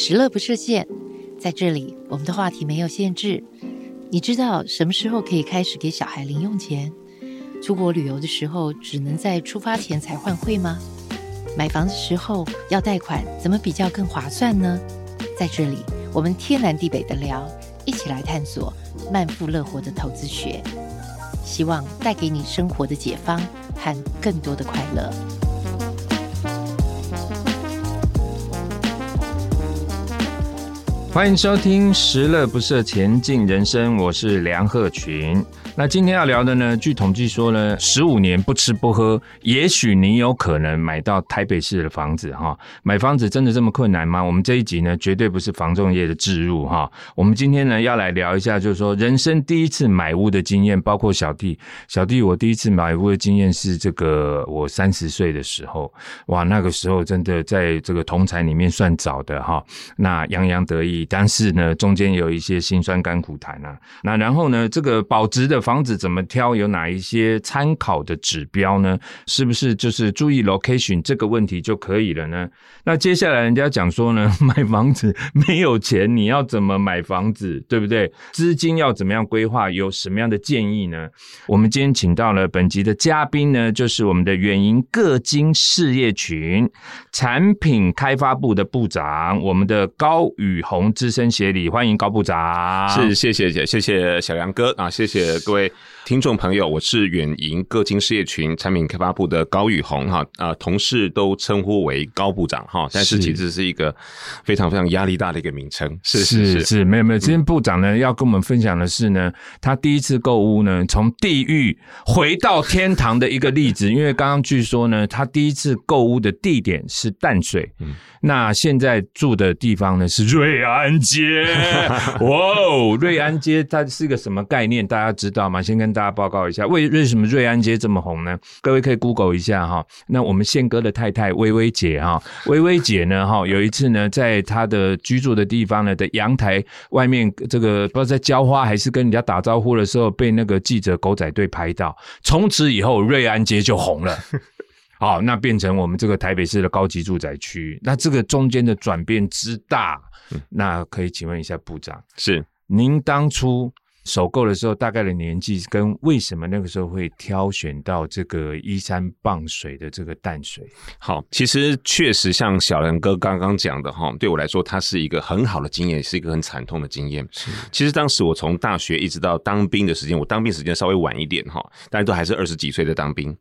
時樂不設限，在這裡我們的話題沒有限制。你知道什麼時候可以開始給小孩零用錢？出國旅遊的時候只能在出發前才換匯嗎？買房的時候要貸款，怎麼比較更划算呢？在這裡，我們天南地北的聊，一起來探索慢富樂活的投資學，希望帶給你生活的解方和更多的快樂。歡迎收聽《十樂不設前進人生》，我是梁鶴群。那今天要聊的呢，據統計說呢，十五年不吃不喝，也許你有可能買到台北市的房子哈。買房子真的這麼困難嗎？我們這一集呢，絕對不是房仲業的置入哈。我們今天呢，要來聊一下，就是說人生第一次買屋的經驗，包括小弟小弟，我第一次買屋的經驗是這個，我三十歲的時候，哇，那個時候真的在這個同儕裡面算早的哈。那洋洋得意，但是呢，中間有一些辛酸甘苦談啊。那然後呢，這個保值的房子房子怎麼挑？有哪一些參考的指標呢？是不是就是注意 location 這個問題就可以了呢？那接下來人家講說呢，買房子沒有錢，你要怎麼買房子？對不對？資金要怎麼樣規劃？有什麼樣的建議呢？我們今天請到了本集的嘉賓呢，就是我們的遠銀個金事業群產品開發部的部長，我們的高宇宏資深協理，歡迎高部長。是，謝謝謝，謝謝小楊哥啊，謝謝。各位聽眾朋友，我是遠銀個金事業群產品開發部的高宇宏哈，啊，同事都稱呼為高部長哈，但是其實是一個非常非常壓力大的一個名稱，是是是，沒有、嗯、沒有。今天部長呢要跟我們分享的是呢，他第一次購屋呢，從地獄回到天堂的一個例子，因為剛剛據說呢，他第一次購屋的地點是淡水，嗯、那現在住的地方呢是瑞安街，哇哦，瑞安街它是一個什麼概念？大家知道。知道嗎？先跟大家報告一下，為為什麼瑞安街這麼紅呢？各位可以 Google 一下哈、哦。那我們憲哥的太太薇薇姐哈、哦，薇薇姐呢哈、哦，有一次呢，在她的居住的地方呢的陽台外面，這個不知道在澆花還是跟人家打招呼的時候，被那個記者狗仔隊拍到。從此以後，瑞安街就紅了。好、 哦，那變成我們這個台北市的高級住宅區。那這個中間的轉變之大，那可以請問一下部長，是您當初？首購的時候，大概的年紀跟為什麼那個時候會挑選到這個依山傍水的這個淡水？好，其實確實像小梁哥剛剛講的哈，對我來說，它是一個很好的經驗，是一個很慘痛的經驗。是其實當時我從大學一直到當兵的時間，我當兵時間稍微晚一點哈，但都還是二十幾歲的當兵。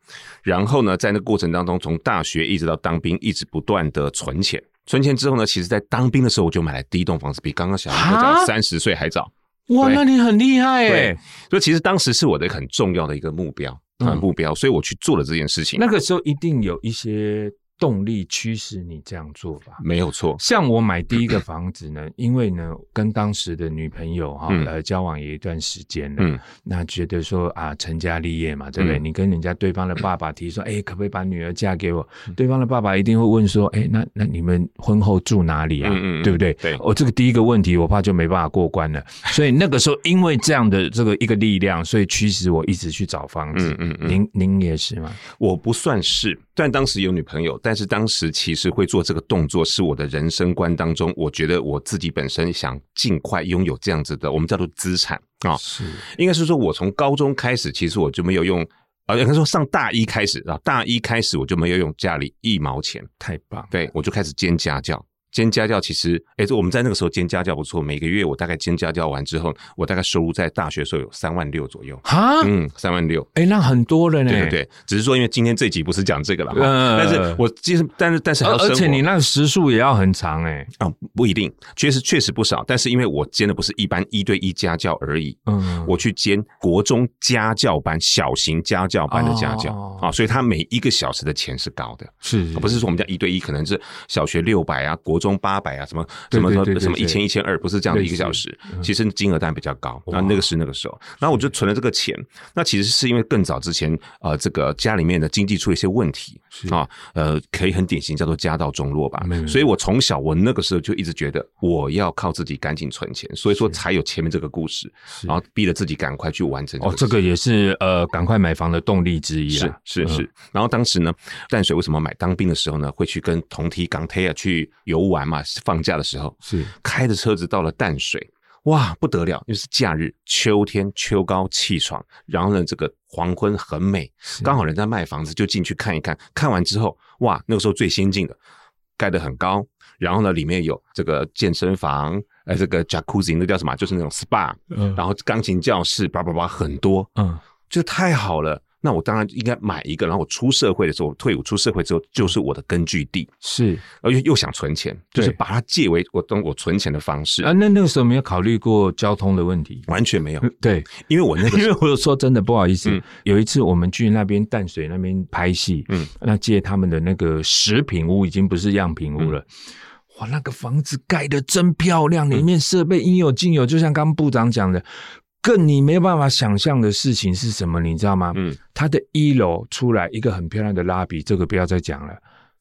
然後呢，在那個過程當中，從大學一直到當兵，一直不斷的存錢。存錢之後呢，其實在當兵的時候，我就買了第一棟房子，比剛剛小梁哥講的三十歲還早。哇，對那你很厲害哎！所以其實當時是我的很重要的一個目標，嗯、目標，所以我去做了這件事情。那個時候一定有一些動力驅使你這樣做吧。沒有錯。像我買第一個房子呢，因為呢，跟當時的女朋友哈，交往有一段時間了，那覺得說啊，成家立業嘛，對不對？你跟人家對方的爸爸提說，哎，可不可以把女兒嫁給我？對方的爸爸一定會問說，哎，那那你們婚後住哪裡啊？對不對？對，我這個第一個問題，我怕就沒辦法過關了。所以那個時候，因為這樣的這個一個力量，所以驅使我一直去找房子。嗯嗯，您您也是嗎？我不算是，但當時有女朋友，但。但是當時其實會做這個動作，是我的人生觀當中，我覺得我自己本身想盡快擁有這樣子的，我們叫做資產啊。哦、是，應該是說我從高中開始，其實我就沒有用啊，呃、有人說上大一開始啊，大一開始我就沒有用家裡一毛錢。太棒，對，我就開始兼家教。兼家教其實，哎、欸，我們在那個時候兼家教不錯。每個月我大概兼家教完之後，我大概收入在大學時候有三萬六左右。哈蛤。嗯，三萬六，誒、欸，那很多了呢。對對對，只是說因為今天這集不是講這個了，呃、但是，我其實，但是，但是，而且你那個時數也要很長誒、欸。啊，不一定，確實確實不少。但是因為我兼的不是一般一對一家教而已，嗯，我去兼國中家教班、小型家教班的家教、哦、啊，所以他每一個小時的錢是高的，是、啊，不是說我們家一對一可能是小學六百啊，國中八百啊，什麼什麼什麼，什麼一千一千二，1, 1200, 不是這樣的一個小時，嗯、其實金額當然比較高。那那個是那個時候，那哇我就存了這個錢。是那其實是因為更早之前，呃，這個家裡面的經濟出了一些問題啊，是呃，可以很典型叫做家道中落吧。是所以我從小我那個時候就一直覺得我要靠自己趕緊存錢，所以說才有前面這個故事，是然後逼着自己趕快去完成。哦，這個也是呃趕快買房的動力之一啊，是是。嗯、然後當時呢，淡水為什麼買當兵的時候呢，會去跟同梯港鐵啊去遊玩。玩嘛，放假的時候是開着車子到了淡水，哇，不得了，因為是假日，秋天秋高氣爽，然後呢，這個黃昏很美，剛好人家賣房子，就進去看一看。是看完之後，哇，那個時候最先進的，蓋得很高，然後呢，裡面有這個健身房，哎、呃，這個 Jacuzzi，那叫什麼？就是那種 SPA，嗯，然後鋼琴教室，叭叭叭，很多，嗯，就太好了。那我當然應該買一個，然後我出社會的時候，退伍出社會之後，就是我的根據地。是，而且又想存錢，對就是把它借為我當我存錢的方式啊。那那個時候沒有考慮過交通的問題，完全沒有。嗯、對，因為我那個時候， 因為我說真的不好意思，嗯、有一次我們去那邊淡水那邊拍戲，嗯，那借他們的那個食品屋已經不是樣品屋了。嗯、哇，那個房子蓋得真漂亮，裡、嗯、面設備應有盡有，就像剛部長講的。更你沒有辦法想象的事情是什麼？你知道嗎？嗯，他的一樓出來一個很漂亮的拉比，這個不要再講了。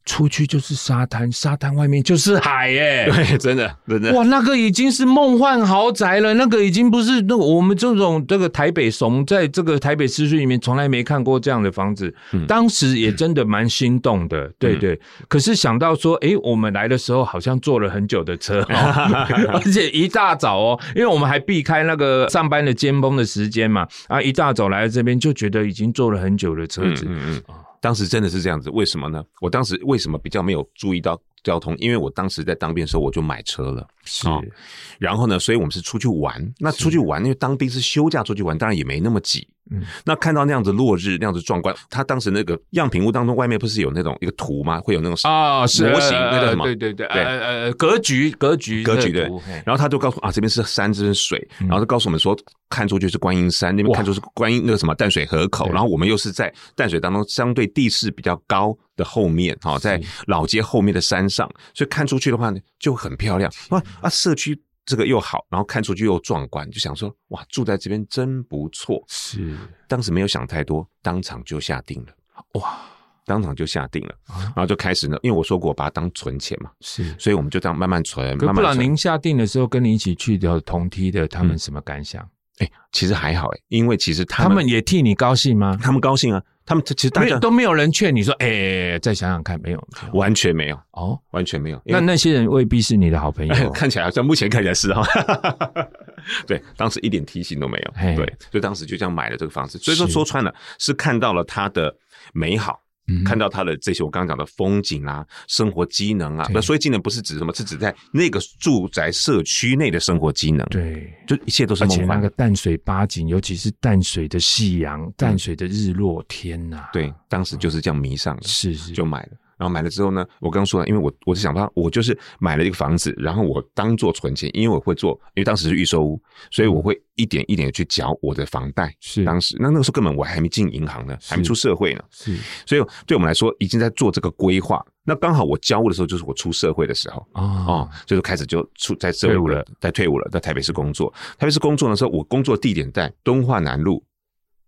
出去就是沙灘，沙灘外面就是海耶。對，真的，真的。哇，那個已經是夢幻豪宅了，那個已經不是那個、我們這種這個台北俗，在這個台北市區裡面從來沒看過這樣的房子。嗯、當時也真的蠻心動的，嗯、對對。嗯、可是想到說，哎，我們來的時候好像坐了很久的車，哦， 而且一大早哦，因為我們還避開那個上班的尖峰的時間嘛，啊，一大早來了這邊就覺得已經坐了很久的車子。嗯嗯，嗯當時真的是這樣子，為什麼呢？我當時為什麼比較沒有注意到交通？因為我當時在當兵的時候，我就買車了。是，然後呢，所以我們是出去玩。那出去玩，因為當兵是休假出去玩，當然也沒那麼擠。嗯，那看到那樣子落日，那樣子壯觀。他當時那個樣品屋當中，外面不是有那種一個圖嗎？會有那種啊，模型，那叫什麼？對對對，呃呃，格局格局格局的。然後他就告訴啊，這邊是山，這邊是水。然後他告訴我們說，看出去是觀音山，那邊看出是觀音那個什麼淡水河口。然後我們又是在淡水當中相對地勢比較高的後面，哦，在老街後面的山上，所以看出去的話呢，就很漂亮哇。啊，社區這個又好，然後看出去又壯觀，就想說哇，住在這邊真不錯。是，當時沒有想太多，當場就下定了。哇，當場就下定了，然後就開始呢，啊、因為我說過我把它當存錢嘛，是，所以我們就這樣慢慢存。慢慢存可不然您下定的時候，跟你一起去的同梯的他們什麼感想？哎、嗯欸，其實還好哎、欸，因為其實他們，他們也替你高興嗎？他們高興啊。他們其實大家沒都沒有人勸你說，哎、欸，再想想看，沒有，完全沒有哦，完全沒有。哦、沒有那那些人未必是你的好朋友。哎、看起來像，目前看起來是哈、哦， 對，當時一點提醒都沒有，嘿對，所以當時就這樣買了這個房子。所以說說穿了，是，是看到了他的美好。看到他的這些，我剛剛講的風景啊，生活機能啊，那對所以機能不是指什麼，是指在那個住宅社區內的生活機能，對，就一切都是夢幻。而且那個淡水八景，尤其是淡水的夕陽、淡水的日落天、啊，天吶！對，當時就是這樣迷上了，嗯、是是就買了。然後買了之後呢，我剛剛說的，因為我我是想辦法，我就是買了一個房子，然後我當做存錢，因為我會做，因為當時是預售屋，所以我會一點一點的去繳我的房貸。是當時那那個時候根本我還沒進銀行呢，還沒出社會呢。是，是所以對我們來說已經在做這個規劃。那剛好我交屋的時候就是我出社會的時候啊啊，哦嗯、所以就是開始就出在社會了，退伍了在退伍了，在台北市工作。嗯、台北市工作的時候，我工作地點在敦化南路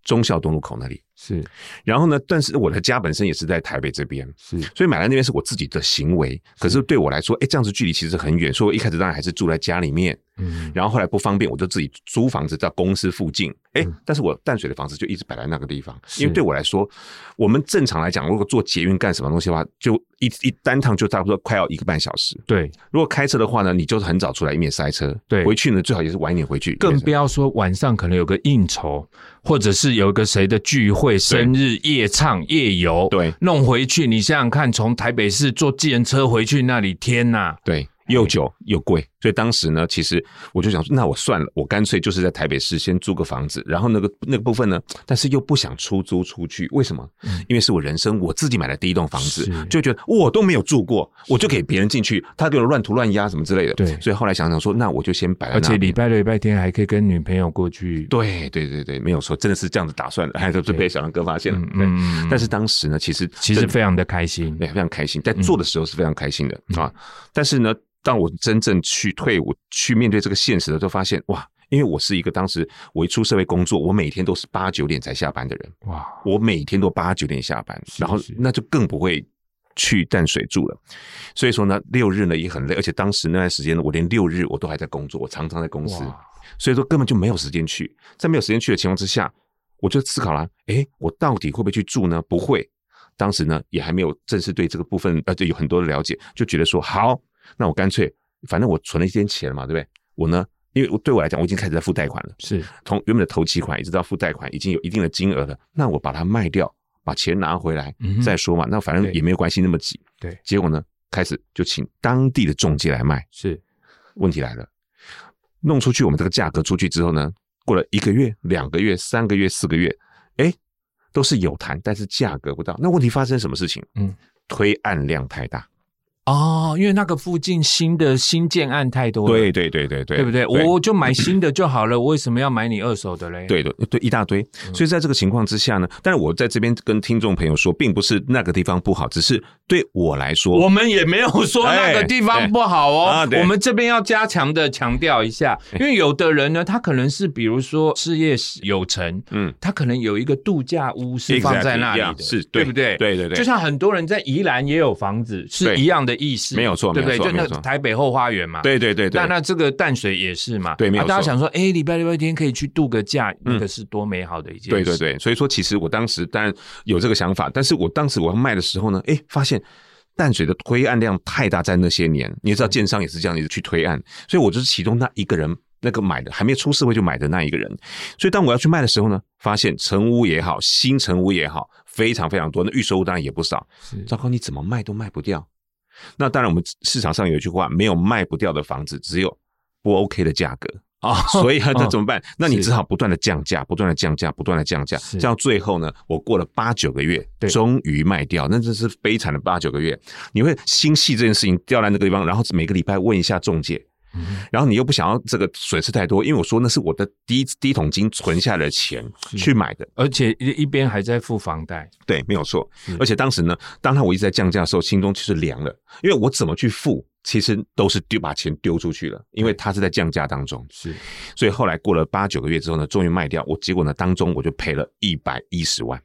忠孝東路口那裡。是，然後呢，但是我的家本身也是在台北這邊，是，所以買在那邊是我自己的行為。可是對我來說，哎、欸，這樣子距離其實很遠，所以我一開始當然還是住在家裡面。嗯，然後後來不方便，我就自己租房子到公司附近。哎、欸，但是我淡水的房子就一直擺在那個地方，嗯、因為對我來說，我們正常來講，如果坐捷運幹什麼東西的話，就一一單趟就差不多快要一個半小時。對，如果開車的話呢，你就是很早出來以免塞車。對，回去呢，最好也是晚一點回去，更不要說晚上可能有個應酬，或者是有個誰的聚會。對，生日夜唱夜遊，對，弄回去。你想想看，從台北市坐計程車回去那裡，天吶，對，又久又貴。嗯所以當時呢，其實我就想說，那我算了，我乾脆就是在台北市先租個房子，然後那個那個部分呢，但是又不想出租出去，為什麼？因為是我人生我自己買的第一棟房子，就覺得我都沒有住過，我就給別人進去，他給我亂塗亂壓什麼之類的。對，所以後來想想說，那我就先擺在那裡。而且禮拜六、禮拜天還可以跟女朋友過去。對，對，對，對，沒有錯，真的是這樣子打算的，哎，都是被小狼哥發現了。嗯，但是當時呢，其實其實非常的開心，對，非常開心。在做的時候是非常開心的啊。但是呢，當我真正去。去退伍去面對這個現實的時候，就發現哇，因為我是一個當時我一出社會工作，我每天都是八九點才下班的人哇，我每天都八九點下班，是是，然後那就更不會去淡水住了。所以說呢，六日呢也很累，而且當時那段時間呢，我連六日我都還在工作，我常常在公司，哇所以說根本就沒有時間去。在沒有時間去的情況之下，我就思考了，哎，我到底會不會去住呢？不會，當時呢也還沒有正式對這個部分呃就有很多的了解，就覺得說好，那我乾脆。反正我存了一些錢嘛，對不對？我呢，因為我對我來講，我已經開始在付貸款了。是，從原本的頭期款一直到付貸款，已經有一定的金額了。那我把它賣掉，把錢拿回來、嗯、哼再說嘛。那反正也沒有關係，那麼急。對。結果呢，開始就請當地的中介來賣。是。問題來了，弄出去我們這個價格出去之後呢，過了一個月、兩個月、三個月、四個月，哎，都是有談，但是價格不到。那問題發生什麼事情？嗯，推案量太大。哦，因為那個附近新的新建案太多了，對對對對對，對不對？我就買新的就好了，我為什麼要買你二手的嘞？對的，對，一大堆。所以在這個情況之下呢，但是我在這邊跟聽眾朋友說，並不是那個地方不好，只是對我來說，我們也沒有說那個地方不好哦。我們這邊要加強的強調一下，因為有的人呢，他可能是比如說事業有成，嗯，他可能有一個度假屋是放在那裡的，是對不對？對對對，就像很多人在宜蘭也有房子是一樣的。意思沒有錯，對不對？就那台北後花園嘛，對，對對對。那那這個淡水也是嘛，對。大家、啊、想說，哎，禮拜六、禮拜天可以去度個假，嗯、那個是多美好的一件事情。對對對。所以說，其實我當時當然有這個想法，但是我當時我要賣的時候呢，哎，發現淡水的推案量太大，在那些年，你知道，建商也是這樣一直去推案，嗯、所以我就是其中那一個人，那個買的還沒出社會就買的那一個人。所以當我要去賣的時候呢，發現成屋也好，新成屋也好，非常非常多，那預售屋當然也不少。是糟糕，你怎麼賣都賣不掉。那當然，我們市場上有一句話，沒有賣不掉的房子，只有不 OK 的價格啊。Oh, 所以那怎麼辦？哦、那你只好不斷的降價是，不斷的降價，不斷的降價，到最後呢，我過了八九個月，對終於賣掉，那這是悲慘的八九個月。你會心繫這件事情，掉在那個地方，然後每個禮拜問一下仲介。然後你又不想要這個損失太多，因為我說那是我的第一第一桶金存下來的錢去買的，而且一邊還在付房貸。對，沒有錯。是而且當時呢，當他我一直在降價的時候，心中其實涼了，因為我怎麼去付，其實都是丟把錢丟出去了，因為他是在降價當中。是，所以後來過了八九個月之後呢，終於賣掉，我結果呢，當中我就賠了一百一十萬。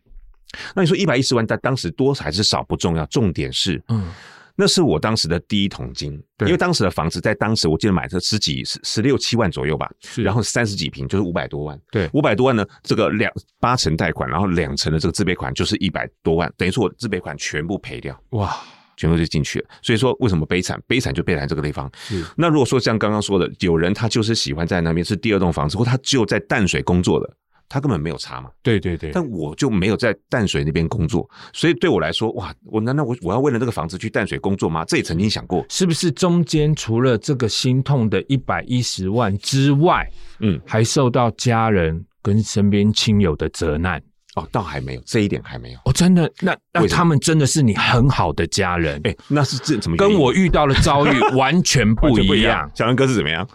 那你說一百一十萬在當時多還是少不重要，重點是嗯。那是我當時的第一桶金，對因為當時的房子在當時我記得買是十幾十十六七萬左右吧，是然後三十幾坪就是五百多萬，對，五百多萬呢，這個兩八成貸款，然後兩成的這個自備款就是一百多萬，等於說我自備款全部賠掉，哇，全部就進去了。所以說為什麼悲慘？悲慘就悲慘在這個地方。是那如果說像剛剛說的，有人他就是喜歡在那邊是第二棟房子，或他就在淡水工作的。他根本沒有查嘛，對對對，但我就沒有在淡水那邊工作，所以對我來說，哇，我難道我我要為了這個房子去淡水工作嗎？這也曾經想過，是不是中間除了這個心痛的一百一十萬之外，嗯，還受到家人跟身邊親友的責難？哦，倒還沒有這一點還沒有，哦，真的那，那他們真的是你很好的家人，哎、欸，那是這怎麼跟我遇到的遭遇完全不一樣？ 一樣 小文哥是怎麼樣、啊、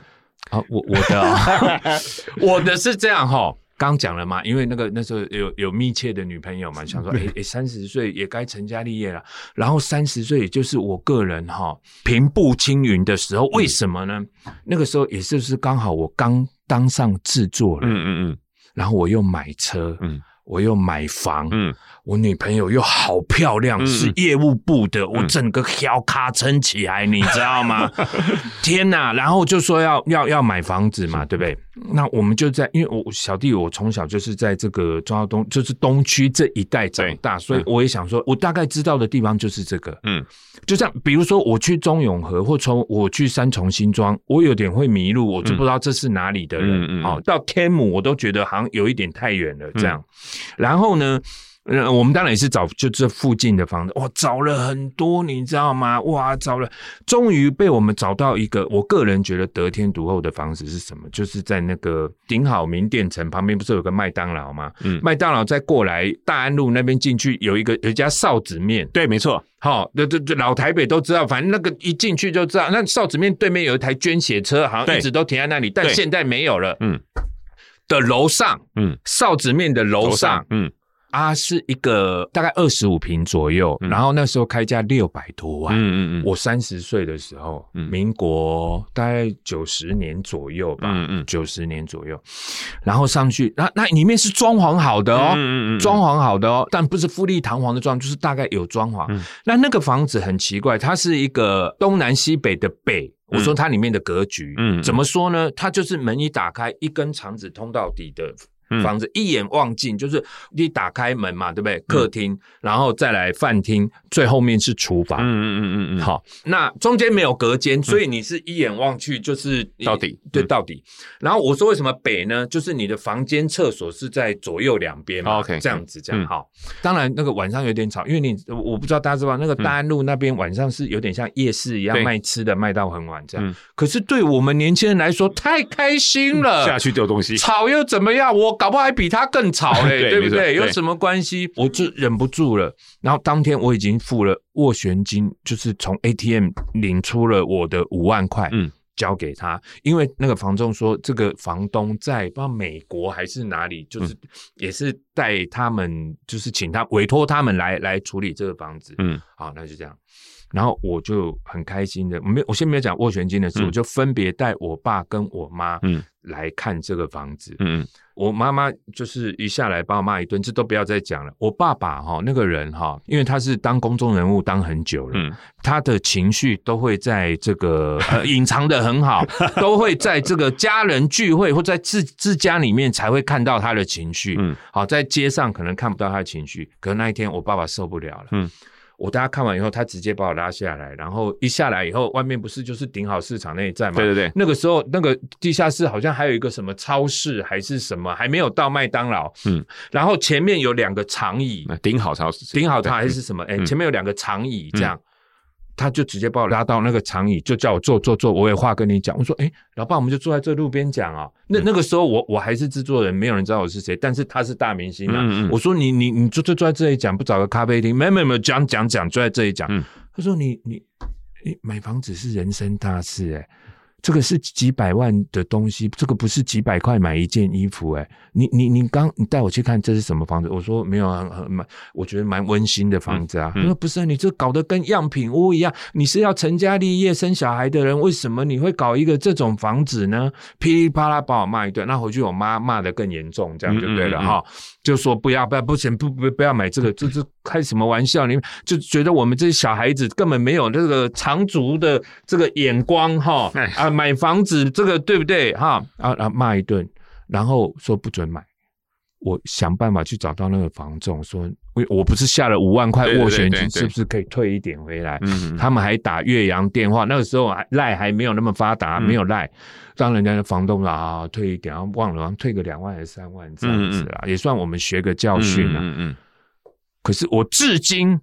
哦，我我的我的是這樣哈。剛講了嘛，因為那個那時候有有密切的女朋友嘛，想說，誒三十歲也該成家立業了。 然後三十歲也就是我個人哈、哦、平步青雲的時候，為什麼呢？嗯、那個時候也就是剛好我剛當上制作人了，嗯，嗯嗯，然後我又買車，嗯，我又買房，嗯。我女朋友又好漂亮，嗯、是業務部的，嗯、我整個小卡撐起來，嗯、你知道嗎？ 天哪！然後就說要要要買房子嘛，是對不對？那我們就在，因為我小弟我從小就是在這個中央東，就是東區這一帶長大，對所以我也想說，我大概知道的地方就是這個。嗯，就像比如說我去中永和或從我去三重新莊，我有點會迷路，我就不知道這是哪裡的人。嗯嗯嗯、哦，到天母我都覺得好像有一點太遠了，這樣。嗯、然後呢？嗯，我們當然也是找就這附近的房子，哇，找了很多，你知道嗎？哇，找了，終於被我們找到一個。我個人覺得得天獨厚的房子是什麼？就是在那個頂好名店城旁邊，不是有個麥當勞嗎？嗯，麥當勞再過來大安路那邊進去，有一個有一家臊子面。對，沒錯。好、哦，老台北都知道，反正那個一進去就知道。那臊子面對面有一台捐血車，好像一直都停在那裡，對但現在沒有了。嗯，的樓上，嗯，臊子麵的樓上，嗯。啊，是一個大概二十五坪左右，嗯、然後那時候開價六百多萬。嗯嗯嗯，嗯我三十歲的時候，嗯、民國大概九十年左右吧。嗯嗯，九、嗯、十年左右，然後上去，那那裡面是裝潢好的哦。嗯嗯，嗯裝潢好的哦，但不是富麗堂皇的裝，就是大概有裝潢。嗯、那那個房子很奇怪，它是一個東南西北的北。我說它裡面的格局，嗯嗯、怎麼說呢？它就是門一打開，一根腸子通到底的。房子一眼望盡，就是你打開門嘛，對不對？客廳，然後再來飯廳，最後面是廚房。嗯嗯嗯嗯嗯。好，那中間沒有隔間，所以你是一眼望去就是到底，對，到底。然後我說為什麼北呢？就是你的房間、廁所是在左右兩邊嘛，OK，這樣子這樣。好，當然那個晚上有點吵，因為你我不知道大家知道嗎？那個大安路那邊晚上是有點像夜市一樣賣吃的，賣到很晚這樣。可是對我們年輕人來說太開心了，下去丟東西，吵又怎麼樣？我。搞不好還比他更吵嘞，欸， 對，對不對？錯有什麼關係？我就忍不住了。對然後當天我已經付了斡旋金，就是從 ATM 領出了我的五萬塊，嗯，交給他。因為那個房仲說，這個房東在不知道美國還是哪裡，就是也是帶他們，就是請他委託他們來來處理這個房子。嗯，好，那就這樣。然後我就很開心的，沒我先沒有講斡旋金的事，嗯、我就分別帶我爸跟我媽，嗯，來看這個房子，嗯，嗯我媽媽就是一下來把我罵一頓，這都不要再講了。我爸爸哈、哦、那個人哈、哦，因為他是當公眾人物當很久了，嗯、他的情緒都會在這個、 啊、隱藏得很好，都會在這個家人聚會或在自自家裡面才會看到他的情緒，嗯，好、哦，在街上可能看不到他的情緒，可那一天我爸爸受不了了，嗯。我大家看完以後，他直接把我拉下來，然後一下來以後，外面不是就是頂好市場那一站嗎？對對對，那個時候那個地下室好像還有一個什麼超市還是什麼，還沒有到麥當勞。嗯，然後前面有兩個長椅，頂好超市，頂好它還是什麼？哎，前面有兩個長椅這樣。嗯嗯他就直接把我拉到那個長椅，就叫我坐坐坐，我有話跟你講。我說，哎、欸，老爸，我們就坐在這路邊講啊。那那個時候我我還是制作人，沒有人知道我是誰。但是他是大明星啊。嗯嗯。我說你你你坐坐坐在這裡講，不找個咖啡廳？沒沒沒，講講講，坐在這裡講。嗯、他說你你，你買房子是人生大事哎、欸。這個是幾百萬的東西，這個不是幾百塊買一件衣服哎、欸！你你你剛你帶我去看這是什麼房子？我說沒有啊，蠻我覺得蠻溫馨的房子啊。他、嗯嗯、說不是，你這搞得跟樣品屋一樣，你是要成家立業生小孩的人，為什麼你會搞一個這種房子呢？噼裡啪啦把我罵一頓，那回去我媽罵得更嚴重，這樣就對了哈、嗯嗯嗯？就說不要不要不行不不不要買這個，這這。開什麼玩笑？你就覺得我們這些小孩子根本沒有這個長足的這個眼光哈？啊，買房子這個對不對哈、哎呦啊？啊，然後罵一頓，然後說不准買。我想辦法去找到那個房仲，說我不是下了五萬塊斡旋金，對對對對對是不是可以退一點回來？嗯嗯他們還打越洋電話。那個時候賴還沒有那麼發達，嗯、沒有賴，當人家的房東說啊退一點，然後忘了，然後退個兩萬還是三萬這樣子啦，嗯嗯也算我們學個教訓了。嗯，嗯嗯。可是我至今，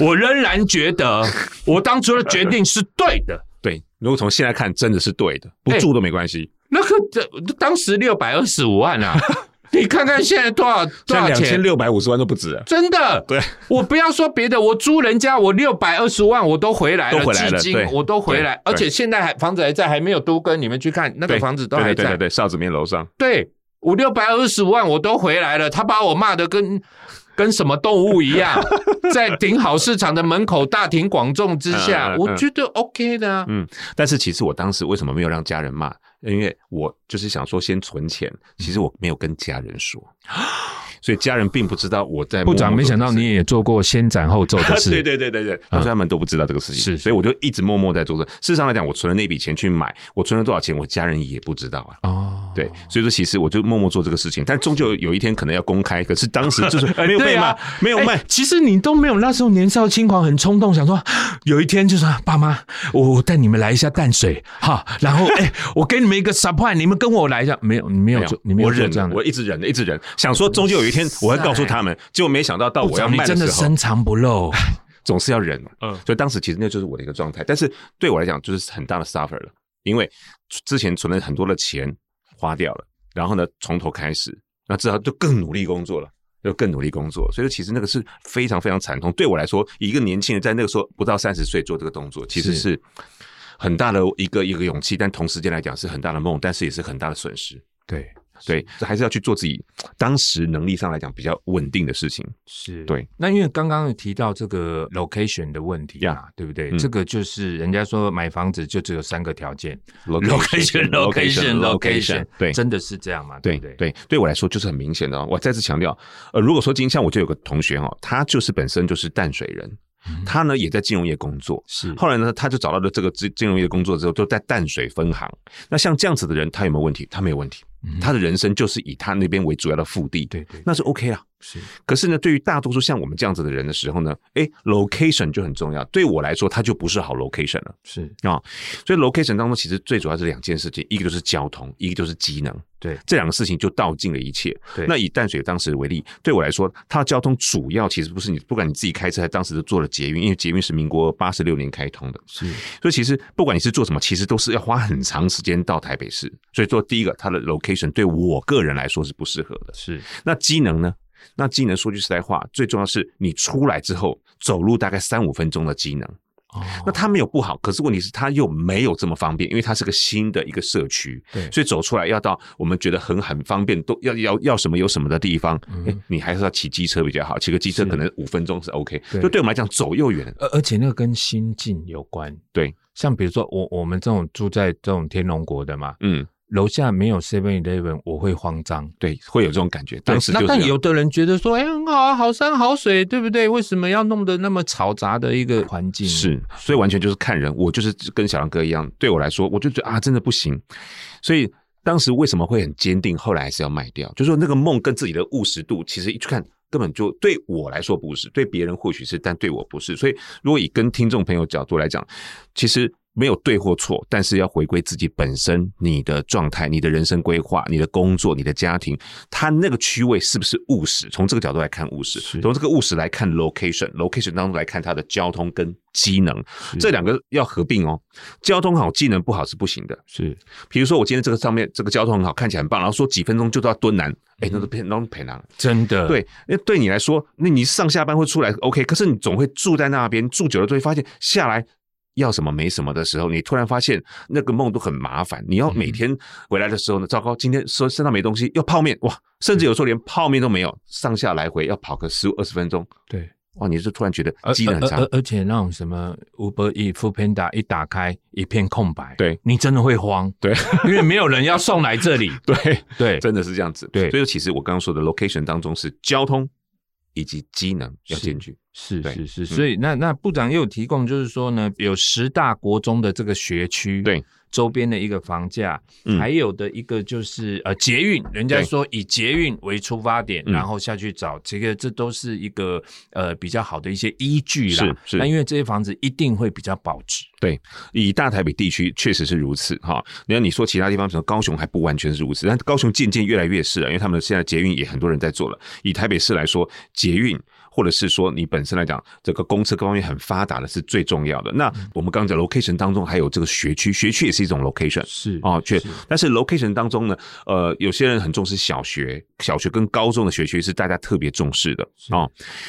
我仍然覺得我當初的決定是對的。對，如果從現在看，真的是對的，不住都沒關係、欸。那個，這當時六百二十五萬啊， 你看看現在多少多少錢，六百五十萬都不止。真的，對我不要說別的，我租人家，我六百二十萬我都回來了，至今我都回來，對而且現在還房子還在，還沒有都跟你們去看那個房子都還在，對對，對對對，哨子面樓上，對五六百二十五萬我都回來了，他把我罵的跟跟什麼動物一樣，在頂好市場的門口大庭廣眾之下， 我覺得 OK 的、啊、嗯，但是其實我當時為什麼沒有讓家人罵？因為我就是想說先存錢。嗯、其實我沒有跟家人說，所以家人並不知道我在摸摸。部長，沒想到你也做過先斬後奏的事。對 對對對對，嗯、所以他們都不知道這個事情，是、是所以我就一直默默在做、這個、事實上來講，我存了那筆錢去買，我存了多少錢，我家人也不知道啊。哦。對，所以說其實我就默默做這個事情，但終究有一天可能要公開。可是當時就是沒有賣，沒有賣。其實你都沒有，那時候年少輕狂，很衝動，想說有一天就是爸媽，我我帶你們來一下淡水哈， 然後哎、欸，我給你們一個 surprise，你們跟我來一下。沒有，你沒有做，沒有你沒有，我忍，我一直忍，一直忍，想說終究有一天我會告訴他們。結果沒想到到我要賣的時候真的深藏不露，總是要忍。嗯，所以當時其實那就是我的一個狀態，但是對我來講就是很大的 suffer 了，因為之前存了很多的錢。花掉了，然後呢，從頭開始，那之後就更努力工作了，就更努力工作。所以其實那個是非常非常慘痛。對我來說，一個年輕人在那個時候不到三十歲做這個動作，其實是很大的一個一個勇氣。但同時間來講是很大的夢，但是也是很大的損失。對。是對，這還是要去做自己當時能力上來講比較穩定的事情。是，對。那因為剛剛提到這個 location 的問題呀，Yeah. 對不對？嗯、這個就是人家說買房子就只有三個條件：location，location，location。對，真的是這樣嗎？對對對。對我來說就是很明顯的，哦。我再次強調，呃，如果說今天像我就有個同學哦，他就是本身就是淡水人，嗯、他呢也在金融業工作。是。後來呢，他就找到了這個金金融業工作之後，就在淡水分行。那像這樣子的人，他有沒有問題？他沒有問題。他 的人生就是以他那邊為主要的腹地，對，對，對，那是 OK 啊。是，可是呢，對於大多數像我們這樣子的人的時候呢，哎，location 就很重要。對我來說，它就不是好 location 了。是啊、嗯，所以 location 當中其實最主要是兩件事情，一個就是交通，一個就是機能。對，這兩個事情就道盡了一切。對，那以淡水當時為例，對我來說，它交通主要其實不是你不管你自己開車，還是當時的坐了捷運，因為捷運是民國八十六年開通的。是，所以其實不管你是做什麼，其實都是要花很長時間到台北市。所以說第一個，它的 location 對我個人來說是不適合的。是，那機能呢？那機能說句實在話，最重要是你出來之後走路大概三五分鐘的機能。哦，那它沒有不好，可是問題是它又沒有這麼方便，因為它是個新的一個社區。對，所以走出來要到我們覺得很很方便，都要要要什麼有什麼的地方、嗯。你還是要騎機車比較好，騎個機車可能五分鐘是 OK 是。對，就對我們來講走又遠。而而且那個跟心境有關。對，像比如說我我們這種住在這種天龍國的嘛，嗯。樓下沒有 Seven Eleven，我會慌張，對，會有這種感覺。對當時就是，但有的人覺得說，哎，很好啊，好山好水，對不對？為什麼要弄得那麼嘈雜的一個環境？是，所以完全就是看人。我就是跟小楊哥一樣，對我來說，我就覺得啊，真的不行。所以當時為什麼會很堅定？後來還是要賣掉，就是說那個夢跟自己的務實度，其實一去看，根本就對我來說不是，對別人或許是，但對我不是。所以如果以跟聽眾朋友角度來講，其實。沒有對或錯，但是要回歸自己本身，你的狀態、你的人生規劃、你的工作、你的家庭，它那個區位是不是務實？從這個角度來看務實，從這個務實來看 location，location loc 當中來看它的交通跟機能，是這兩個要合併哦。交通好，機能不好是不行的。是，比如說我今天這個上面這個交通很好，看起來很棒，然後說幾分鐘就到敦南，哎，那是偏東偏南，真的。對，那對你來說，那你上下班會出來 OK，可是你總會住在那邊，住久了就會發現下來。要什麼沒什麼的時候，你突然發現那個夢都很麻煩。你要每天回來的時候呢？糟糕，今天說身上沒東西，要泡面哇！甚至有時候連泡面都沒有，是上下來回要跑個十五二十分鐘。對，哇！你就突然覺得機能差，而而,而,而且那種什麼 Uber E-Food Panda 一打開一片空白，對，你真的會慌，對，因為沒有人要送來這裡，對對，對真的是這樣子。對，所以其實我剛剛說的 location 當中是交通以及機能要進去。是是是，對所以那那部長又提供，就是說呢，有十大國中的這個學區，對周邊的一個房價，對還有的一個就是、嗯、呃捷運，人家說以捷運為出發點，對然後下去找，這個這都是一個呃比較好的一些依據啦。是是，那因為這些房子一定會比較保值。對，以大台北地區確實是如此哈。你要你說其他地方，比如高雄還不完全是如此，但高雄漸漸越來越是了，因為他們現在捷運也很多人在做了。以台北市來說，捷運。或者是說你本身來講，這個公車各方面很發達的是最重要的。那我們剛講 location 當中還有這個學區，學區也是一種 location，是啊，對、哦。但是 location 當中呢，呃，有些人很重視小學，小學跟高中的學區是大家特別重視的哦。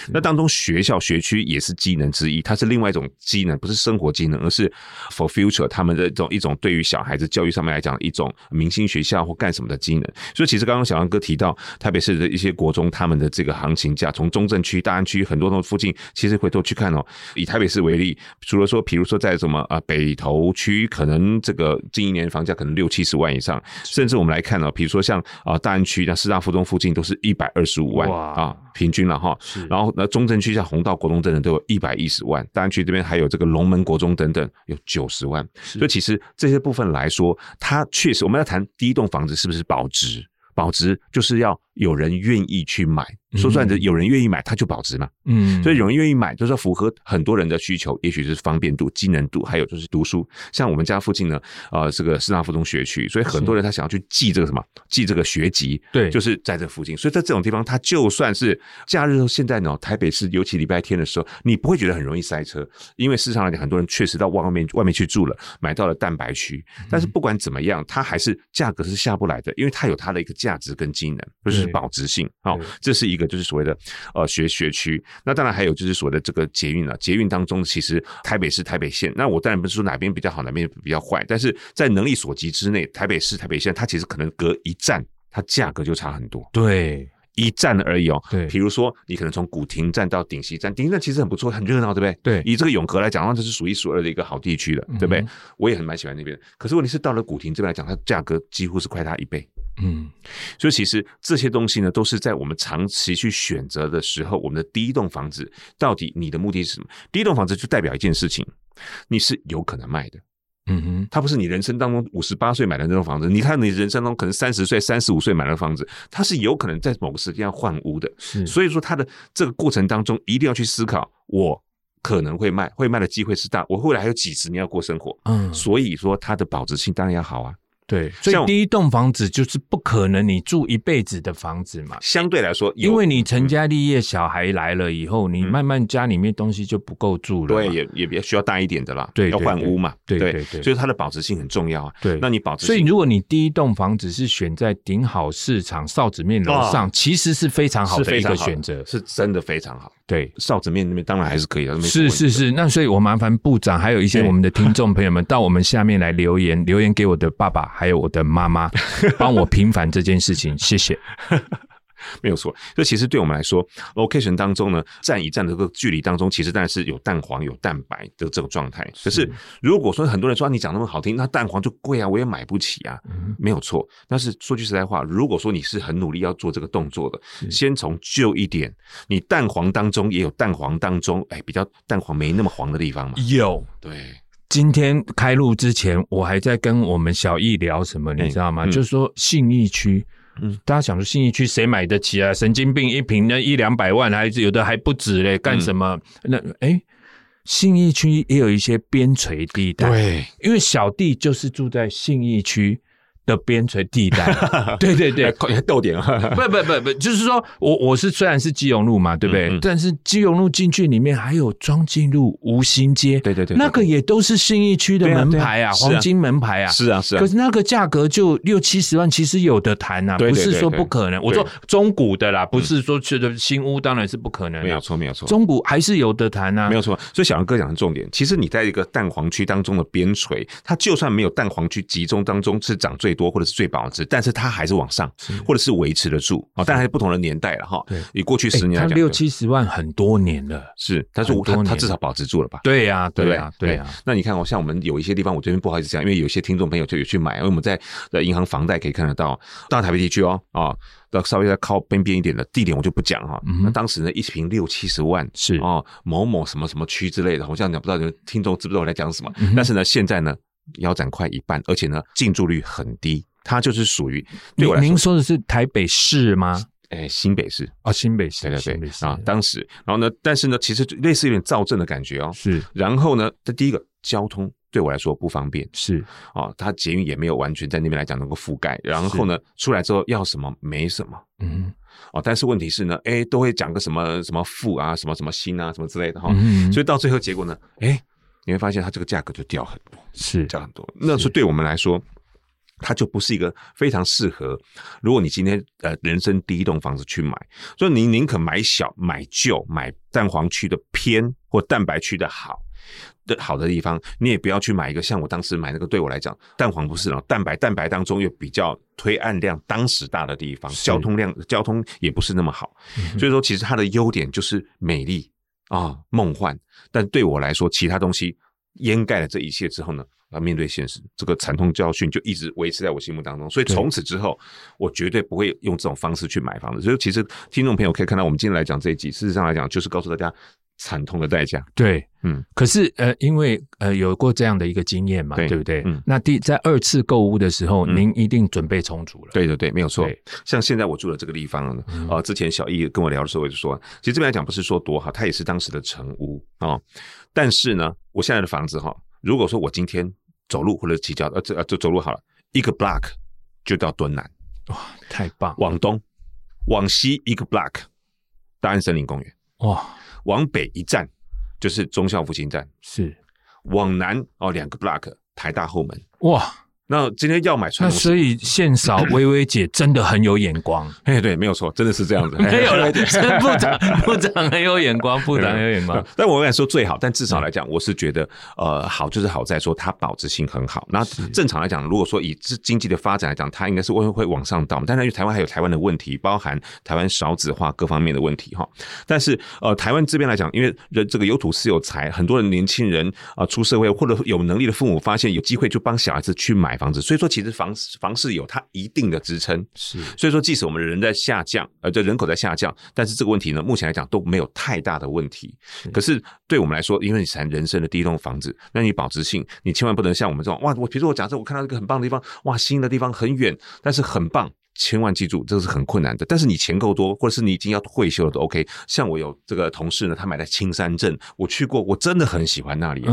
那當中學校學區也是機能之一，它是另外一種機能，不是生活機能，而是 for future 他們的這種一種對於小孩子教育上面來講一種明星學校或幹什麼的機能。所以其實剛剛小楊哥提到，特別是一些國中他們的這個行情價，從中正區大。山區很多的附近，其實回頭去看哦，以台北市為例，除了說，比如說在什麼啊、呃、北投區，可能這個近一年房價可能六七十萬以上，甚至我們來看哦，比如說像啊、呃、大安區，像師大附中附近都是一百二十五萬哇啊平均了哈。是然後那中正區像弘道國中等等都有一百一十萬，大安區這邊還有這個龍門國中等等有九十萬，是所以其實這些部分來說，它確實我們要談第一棟房子是不是保值？保值就是要。有人願意去買，說算是有人願意買，它就保值嘛。嗯，所以有人願意買，就是說符合很多人的需求，也許是方便度、機能度，還有就是讀書。像我們家附近呢，呃，這個師大附中學區，所以很多人他想要去記這個什麼，是記這個學籍，對，就是在這附近。所以在這種地方，它就算是假日，現在呢，台北市尤其禮拜天的時候，你不會覺得很容易塞車，因為事實上來講很多人確實到外面外面去住了，買到了蛋白區。但是不管怎麼樣，它還是價格是下不來的，因為它有它的一個價值跟機能，嗯、就是。保值性好，哦、對這是一個就是所謂的呃學學區。那當然還有就是所謂的這個捷運了、啊。捷運當中其實台北市台北縣，那我當然不是說哪邊比較好，哪邊比較壞，但是在能力所及之內，台北市台北縣它其實可能隔一站，它價格就差很多。對，一站而已哦。對，比如說你可能從古亭站到頂溪站，頂溪站其實很不錯，很熱鬧，對不對？對，以這個永和來講的話，這是數一數二的一個好地區的，對不對？嗯、哼我也很蠻喜歡那邊。可是問題是到了古亭這邊來講，它價格幾乎是快它一倍。嗯，所以其實這些東西呢，都是在我們長期去選擇的時候，我們的第一棟房子到底你的目的是什麼？第一棟房子就代表一件事情，你是有可能賣的。嗯哼，它不是你人生當中五十八歲買的那棟房子。你看，你人生中可能三十歲、三十五歲買的房子，它是有可能在某個時間要換屋的。是所以說，它的這個過程當中一定要去思考，我可能會賣，會賣的機會是大。我未來還有幾十年要過生活，嗯，所以說它的保值性當然要好啊。對，所以第一棟房子就是不可能你住一輩子的房子嘛，相對來說，因為你成家立業，小孩來了以後，嗯、你慢慢家裡面東西就不夠住了，對，也也比較需要大一點的啦，對，對，對，要換屋嘛，對對，對對，所以它的保值性很重要啊。對，那你保值。所以如果你第一棟房子是選在頂好市場，臊子麵樓上，哦、其實是非常好的一個選擇，是真的非常好。對，臊子麵那邊當然還是可以的。是是是，那所以我麻煩部長還有一些我們的聽眾朋友們到我們下面來留言，對 留言給我的爸爸，還有我的媽媽，幫我平反這件事情， 謝謝。 沒有錯，這其實對我們來說，location 當中呢，站一站的這個距離當中，其實當然是有蛋黃有蛋白的這種狀態。是，可是如果說很多人說、啊、你講那麼好聽，那蛋黃就貴啊，我也買不起啊。嗯、沒有錯，但是說句實在話，如果說你是很努力要做這個動作的，嗯、先從舊一點，你蛋黃當中也有蛋黃當中，哎，比較蛋黃沒那麼黃的地方嘛。有對，今天開錄之前，我還在跟我們小易聊什麼，你知道嗎？嗯、就是說信義區。嗯，大家想說信義區誰買得起啊？神經病一坪呢一兩百萬，還是有的還不止嘞？幹什麼？嗯、那哎、欸，信義區也有一些邊陲地帶，對，因為小弟就是住在信義區。的邊陲地帶，對對對，還逗點了，不不不不，就是說我我是雖然是基隆路嘛，對不對？但是基隆路進去裡面還有莊敬路、吳興街，對對對，那個也都是信義區的門牌啊，黃金門牌啊，是啊是啊。可是那個價格就六七十萬，其實有的談啊。不是說不可能。我說中古的啦，不是說去的新屋當然是不可能，沒有錯沒有錯，中古還是有的談啊。沒有錯。所以小楊哥講的重點，其實你在一個蛋黃區當中的邊陲，它就算沒有蛋黃區集中當中是漲最多或者是最保值，但是它還是往上，或者是維持得住啊。但還是不同的年代了哈。你過去十年，它六七十萬很多年了，是，但是它至少保值住了吧？對呀，對呀，對呀。那你看，我像我們有一些地方，我這邊不好意思講，因為有些聽眾朋友就有去買，因為我們在銀行房貸可以看得到。大台北地區哦，啊，到稍微再靠邊邊一點的地點，我就不講哈。那當時呢，一平六七十萬是哦，某某什麼什麼區之類的，我這樣講不知道你們聽眾知不知道我在講什麼。但是呢，現在呢。腰斬快一半，而且呢，進駐率很低，它就是屬於對我來說，您，您說的是台北市嗎？哎、欸，新北市哦，新北市，對對對啊，當時，然後呢，但是呢，其實類似有點造證的感覺哦。是，然後呢，這第一個交通對我來說不方便，是哦，它捷運也沒有完全在那邊來講能夠覆蓋。然後呢，是出來之後要什麼沒什麼，嗯，哦，但是問題是呢，哎、欸，都會講個什麼什麼富啊，什麼什麼新啊，什麼之類的哈、哦。嗯嗯嗯所以到最後結果呢，哎、欸。你會發現它這個價格就掉很多，是掉很多。那是對我們來說，它就不是一個非常適合。如果你今天呃人生第一棟房子去買，所以你寧可買小、買舊、買蛋黃區的偏或蛋白區的好的好的地方，你也不要去買一個像我當時買那個。對我來講，蛋黃不是，蛋白蛋白當中又比較推案量當時大的地方，交通量交通也不是那麼好。所以說，其實它的優點就是美麗。啊，夢幻，但對我來說，其他東西掩蓋了這一切之後呢？要面對現實，這個慘痛教訓就一直維持在我心目當中，所以從此之後，對我絕對不會用這種方式去買房子。所以其實聽眾朋友可以看到，我們今天來講這一集，事實上來講就是告訴大家慘痛的代價。對，嗯，可是呃，因為呃有過這樣的一個經驗嘛，對，對不對？嗯、那第在二次購屋的時候，嗯、您一定準備充足了。對對對，沒有錯。對像現在我住的這個地方呢，嗯、呃，之前小易跟我聊的時候，我就說，其實這邊來講不是說多好，它也是當時的成屋啊、哦，但是呢，我現在的房子哈。如果說我今天走路或者騎腳呃，這、啊、呃，就走路好了，一個 block 就到敦南，哇，太棒！往東，往西一個 block，大安森林公園，哇，往北一站就是忠孝復興站，是，往南哦，兩個 block，台大後門，哇。那今天要買，那所以現少，薇薇姐真的很有眼光。哎， 嘿對，沒有錯，真的是這樣子。 沒有了啦， 部長，部長很有眼光，部長很有眼光。但我敢說最好，但至少來講，我是覺得，呃，好就是好在說它保值性很好。那正常來講，如果說以這經濟的發展來講，它應該是會會往上漲，但是台灣還有台灣的問題，包含台灣少子化各方面的問題哈。但是呃，台灣這邊來講，因為人這個有土是有財，很多的年輕人啊，出社會或者有能力的父母，發現有機會就幫小孩子去買。房子，所以說其實房房市有它一定的支撐，是。所以說，即使我們人在下降，呃，這人口在下降，但是這個問題呢，目前來講都沒有太大的問題。是。可是對我們來說，因為你是人生的第一棟房子，那你保值性，你千萬不能像我們這種，哇，我比如說我假設我看到一個很棒的地方，哇，新的地方很遠，但是很棒。千萬記住，這個是很困難的。但是你錢夠多，或者是你已經要退休了，都 OK。像我有這個同事呢，他買在青山鎮，我去過，我真的很喜歡那裡，啊。